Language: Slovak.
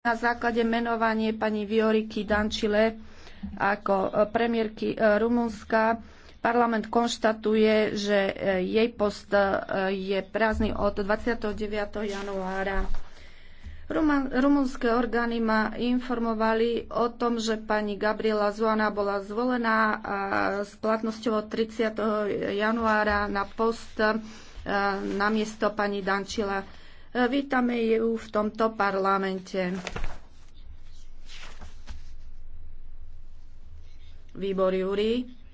na základe menovanie pani Vioriky Dančile ako e, premiérky e, Rumunska parlament konštatuje, že e, jej post je prázdny od 29. januára. Rumunské orgány ma informovali o tom, že pani Gabriela Zuana bola zvolená s platnosťou od 30. januára na post na miesto pani Dančila. E, vítame ju v tomto parlamente. Výbor Júrii.